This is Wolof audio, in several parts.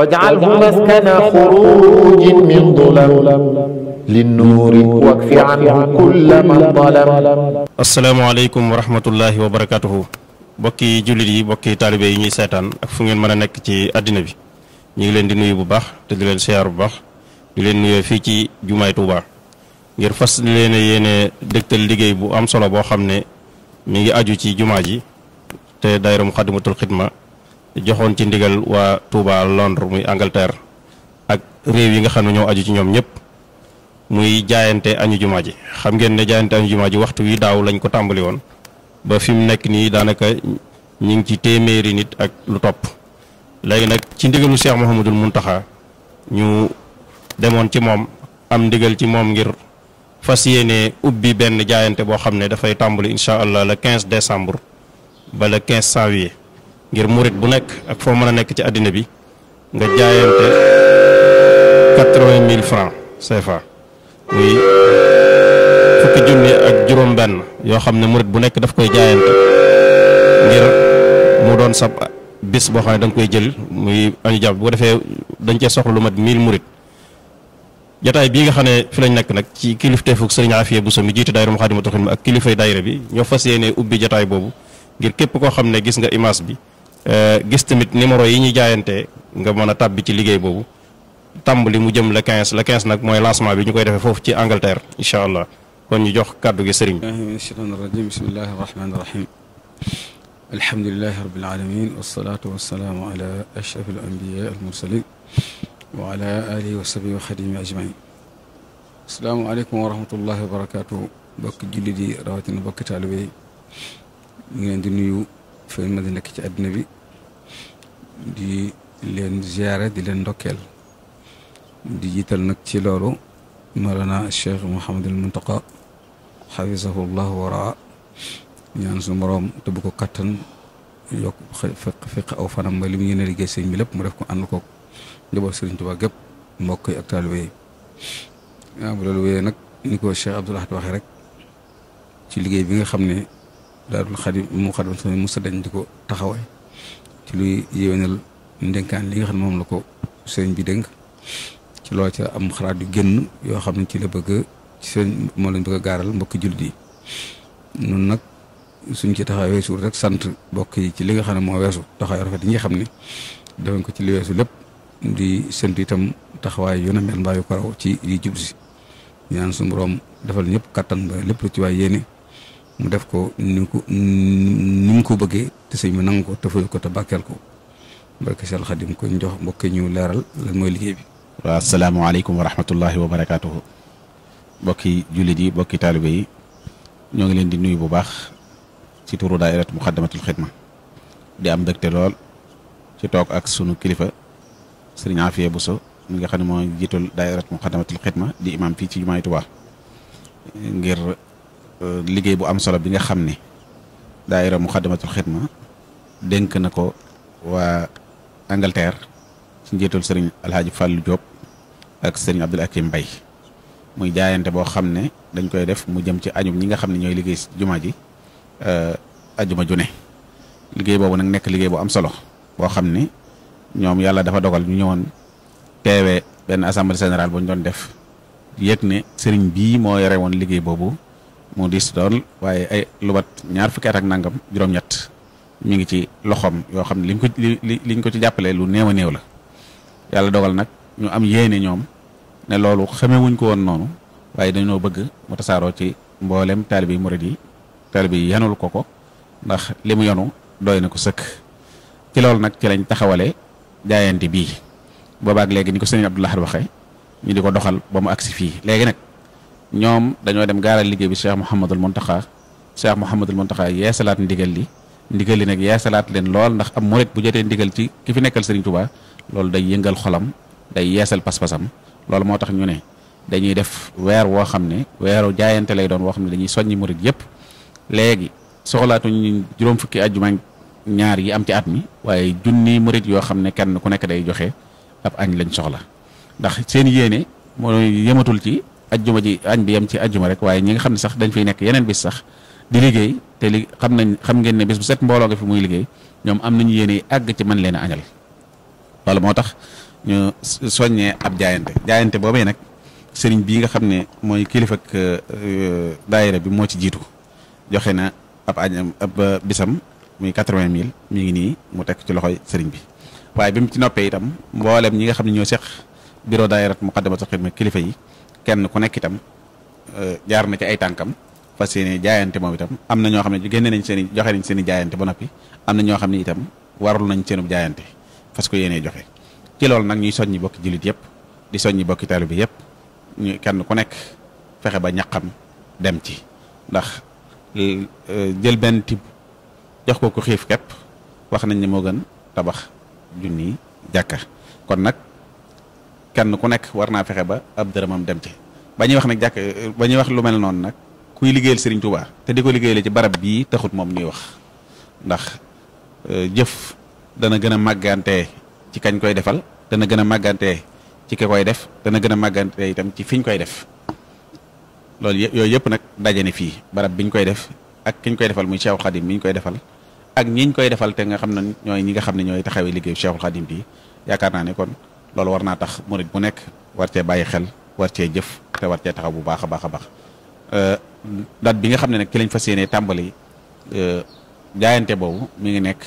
واجعله مسكن خروج من ظلم للنور واكف عنه كل من ظلم السلام عليكم ورحمة الله وبركاته bokki jullit yi bokki taalibe yi ñuy seetaan ak fu ngeen mën a nekk ci àddina bi ñu ngi leen di nuyu bu baax te di leen siyaar bu baax di leen nuyoo fii ci jumaay Tuuba ngir fas di leen yéene dégtal liggéey bu am solo boo xam ne mi ngi aju ci jumaa ji te daayiram Xadimatul Xidma joxoon ci ndigal waa Touba Londres muy Angleterre ak réew yi nga xam ne ñoo aju ci ñoom ñëpp muy jaayante añu jumaa ji xam ngeen ne jaayante añu jumaa ji waxtu wi daaw lañ ko tàmbali woon ba fi mu nekk nii daanaka ñu ngi ci téeméeri nit ak lu topp léegi nag ci ndigalu Cheikh Mouhamadul taxa ñu demoon ci moom am ndigal ci moom ngir fas yéene ubbi benn jaayante boo xam ne dafay tàmbali incha allah la 15 décembre ba le 15 janvier ngir murit bu nekk ak foo mën a nekk ci àddina bi nga jaayante quatre-vingt mille francs CFA muy fukki junni ak juróom-benn yoo xam ne murit bu nekk daf koy jaayante ngir mu doon sab bis boo xam ne da koy jël muy añu jàpp boo ko defee dañ cee soxla lu mat mille murit jataay bii nga xam ne fi lañ nekk nag ci kilifteefuk sëriñ Afiya Buso mi jiite daayira Moukhaddamatoul Khidma ak kilifay daayira bi ñoo fas yéene ubbi jataay boobu ngir képp koo xam ne gis nga image bi Euh, gis tamit numéro yi ñu jaayante nga mën a tàbbi ci liggéey boobu tàmbali mu jëm la 15 la 15 nag mooy lancement bi ñu koy defee foofu ci Angleterre incha allah kon ñu jox kàddu gi sëriñ min asheytaan irajim bismillahi arrahmani irrahim alhamdulilahi rabbil alamin wasalaatu wasalaamu ala ashraf al anbiya al mursalin wa ala alihi wa sahbihi wa xadimi ajmain asalaamaaleykum wa rahmatullahi wa barakatuh bokk julli di rawatina bokk taalibe yi ñu ngi leen di nuyu fa ma di nekk ci àddina bi di leen ziyaare di leen ndokkeel di jiital nag ci loolu Mawlana Cheikh Mouhamadul Muntaqa xafisahu llahu waraa ñaan su moroom te bu ko kattan yokk fiq fiq aw fanam ba li mu yéene liggéey sëñ bi lépp mu def ko ànd ko njaboot sëriñ Tuubaa gépp mbokk yi ak taalibe yi waaw bu loolu wéyee nag ni ko Cheikh Abdoul waxee rek ci liggéey bi nga xam ne daarul xadim mu xadim sama mos a dañ di ko taxawaay ci luy yéwénal ndénkaan li nga xam ne moom la ko sëñ bi dénk loo ca am xalaat yu génn yoo xam ne ci la bëgg ci sëñ moo lañ bëgg a gaaral mbokki jullit yi noonu nag suñ ci taxawaay weesu rek sant mbokk yi ci li nga xam ne moo weesu taxawaay rafet yi nga xam ne defañ ko ci li weesu lépp di sant itam taxawaay yu na mbaayu mbaa ko raw ci yi jub si ñaan suñu borom defal ñëpp kattan ba lépp lu ci waay yéene mu def ko ni ko ni ko bëggee te sëñ bi nangu ko te fayal ko te bàkkeel ko barke Seex Xaadim ko jox mbokk ñu leeral lan mooy liggéey bi. waaw asalaamaaleykum wa rahmatullahi wa barakaatuhu. mbokki jullit yi mbokki taalibe yi ñoo ngi leen di nuyu bu baax ci turu daairatu muqaddamatul xidma di am mbégte lool ci toog ak sunu kilifa sëriñ bu so mi nga xam ne moo jiitul daairatu muqaddamatul xidma di imam fii ci jumaay Tuubaa Euh, liggéey bu am solo bi nga xam ni ne daayira Muxaddamatul Xidma dénk na ko waa Angleterre ci njiitul sëriñ Alhaji Fallou ak sëriñ Abdul Akim Mbay muy jaayante boo xam ne dañ koy def mu jëm ci añum ñi nga xam ne ñooy liggéey jumaa juma ji euh, ajuma ju ne liggéey boobu nag nekk liggéey bu am solo boo xam ne ñoom yàlla dafa dogal ñu ñëwoon teewee benn assemblée générale bu ñu doon def yëg ne sëriñ bii moo yore woon liggéey boobu mu diis dool waaye ay lu ñaar fukki ak nangam juróom-ñett mi ngi ci loxoom yoo xam ne liñ ko liñ ko ci jàppalee lu néew a néew la yàlla dogal nag ñu am yéene ñoom ne loolu xamewuñ ko woon noonu waaye dañoo bëgg mu tasaaroo ci mbooleem taalibe yi murid yi taalibe yi yanul ko ko ndax li mu yanu doy na ko sëkk ci loolu nag ci lañ taxawale jaayante bii boobaak léegi ni ko sëriñ Abdou Lahad ñu di ko doxal ba mu agsi fii léegi nag ñoom dañoo dem gaaral liggéey bi Cheikh Mouhamadul Mountakha Cheikh Mouhamadul Mountakha yeesalaat ndigal li ndigal li nag yeesalaat leen lool ndax am murit bu jotee ndigal ci ki fi nekkal Serigne Touba loolu day yëngal xolam day yeesal pas-pasam loolu moo tax ñu ne dañuy def weer woo xam ne weeru jaayante lay doon woo xam ne dañuy soññi murit yëpp léegi soxlaatuñu juróom fukki àjjuma ñaar yi am ci at mi waaye junni murit yoo xam ne kenn ku nekk day joxe ab añ lañ soxla ajjuma ji añ bi yem ci ajjuma rek waaye ñi nga xam ne sax dañ fiy nekk yeneen bis sax di liggéey te li xam nañ xam ngeen ne bis bu set mbooloo nga fi muy liggéey ñoom am nañu yéene àgg ci man leen a añal loolu moo tax ñu soññee ab jaayante jaayante boobee nag sëriñ bii nga xam ne mooy kilifa ak euh, daayira bi moo ci jiitu joxe na ab añam ab bisam muy quatre-vingt mille mu ngi nii mu tekk ci loxoy sëriñ bi waaye bi mu ci noppee itam mboolem ñi nga xam ne ñoo seq bureau daayirat muqaddamatul xidma kilifa yi kenn ku nekk itam euh, jaar na ci ay tànkam fas yéene jaayante moom itam am na ñoo xam ne génne nañ seen joxe nañ seeni jaayante ba noppi am na ñoo xam ne itam warul nañ seenub jaayante fas ko yéene joxe ci loolu nag ñuy ñi bokki jullit yëpp di soñ soññi bokki taalibe yëpp ñu kenn ku nekk fexe ba ñaqam dem ci ndax euh, jël benn tib jox ko ku xiif képp wax nañ ne moo gën tabax junni jàkka kon nag kenn ku nekk war naa fexe ba ab dërëmam dem ci ba ñuy wax nag jàkk ba ñuy wax lu mel noonu nag kuy liggéeyal Serigne Touba te di ko liggéeyale ci barab bii taxut moom ñuy wax ndax euh, jëf dana gën a màggante ci kañ koy defal dana gën a màggante ci ki koy def dana gën a màggante itam ci fiñ koy def lool yooyu yëpp nag daje ne fii barab biñ koy def ak kiñ koy defal muy Cheikh Khadim mi ñu koy defal ak ñiñ koy defal te nga xam ne ñooy ñi nga xam ne ñooy taxawee liggéeyu Cheikh Khadim bii yaakaar naa ne kon. loolu war naa tax murit bu nekk war cee bàyyi xel war cee jëf te war cee taxaw bu baax a baax a baax euh, date bi nga xam ne nag ci lañ fa yéenee tàmbali euh, jaayante boobu mi ngi nekk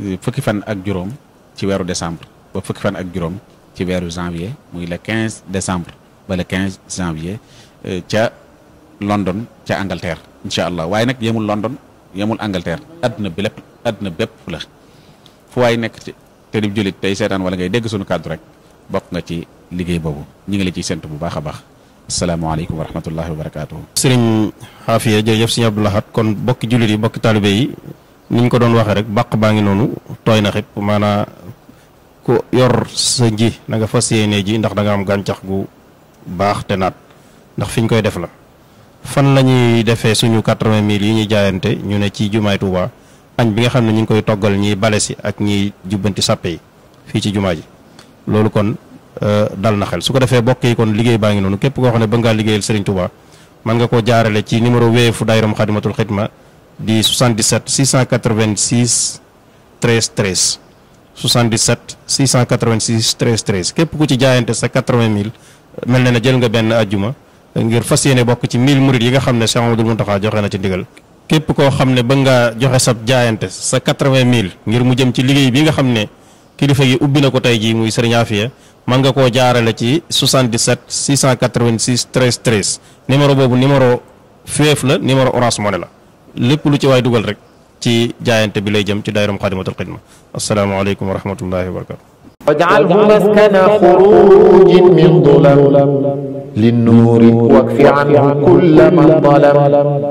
euh, fukki fan ak juróom ci weeru décembre ba fukki fan ak juróom ci weeru janvier muy le 15 décembre ba le 15 janvier ca London ca Angleterre incha allah waaye nag yemul London yemul Angleterre àdduna bi lépp àdduna bépp la fu waay nekk te di jullit tey seetaan wala ngay dégg suñu kàddu rek. bokk nga ci liggéey boobu ñu ngi la ciy séntu bu baax a baax. asalaamaaleykum wa rahmatullahi wa barakaatu. sëriñ Xaafiya jërëjëf sëriñ Abdou Lahad kon bokki jullit yi bokki taalibe yi ni ñu ko doon waxee rek bàq baa ngi noonu tooy na xëpp maanaa ku yor sa ji na fas yéenee ji ndax danga am gàncax gu baax te naat ndax fi ñu koy def la. fan la defee suñu quatre-vingt mille yi ñuy jaayante ñu ne ci jumaay Tuuba añ bi nga xam ne ñu ngi koy toggal ñiy bale si ak ñiy jubbanti sàppe yi fii ci jumaa ji. loolu kon euh, dal na xel su ko defee bokk yi kon liggéey baa ngi noonu képp koo xam ne ba ngaa liggéeyal Serigne Touba mën nga koo jaarale ci numéro weefu daayiram Xadimatul Xidma di 77 686 13 13 77 686 képp ku ci jaayante sa 80 000 mel na ne jël nga benn ajjuma ngir fas yéene bokk ci 1000 murid yi nga xam ne Cheikh Amadou Mountakha joxe na ci ndigal. képp koo xam ne ba ngaa joxe sa jaayante sa 80 mille ngir mu jëm ci liggéey bi nga xam ne. kilifa gi ubbi na ko tey jii muy Serigne Afia man nga koo jaarale ci 77 686 13 13 numéro boobu numéro féef la numéro Orange Money la lépp lu ci waay dugal rek ci jaayante bi lay jëm ci daayiram Xaadimatul Xidma asalaamaaleykum wa rahmatullahi wa barakaatu. waj'alhu maskana xurujin min dulam linnuuri wakfi anhu kulla man dalam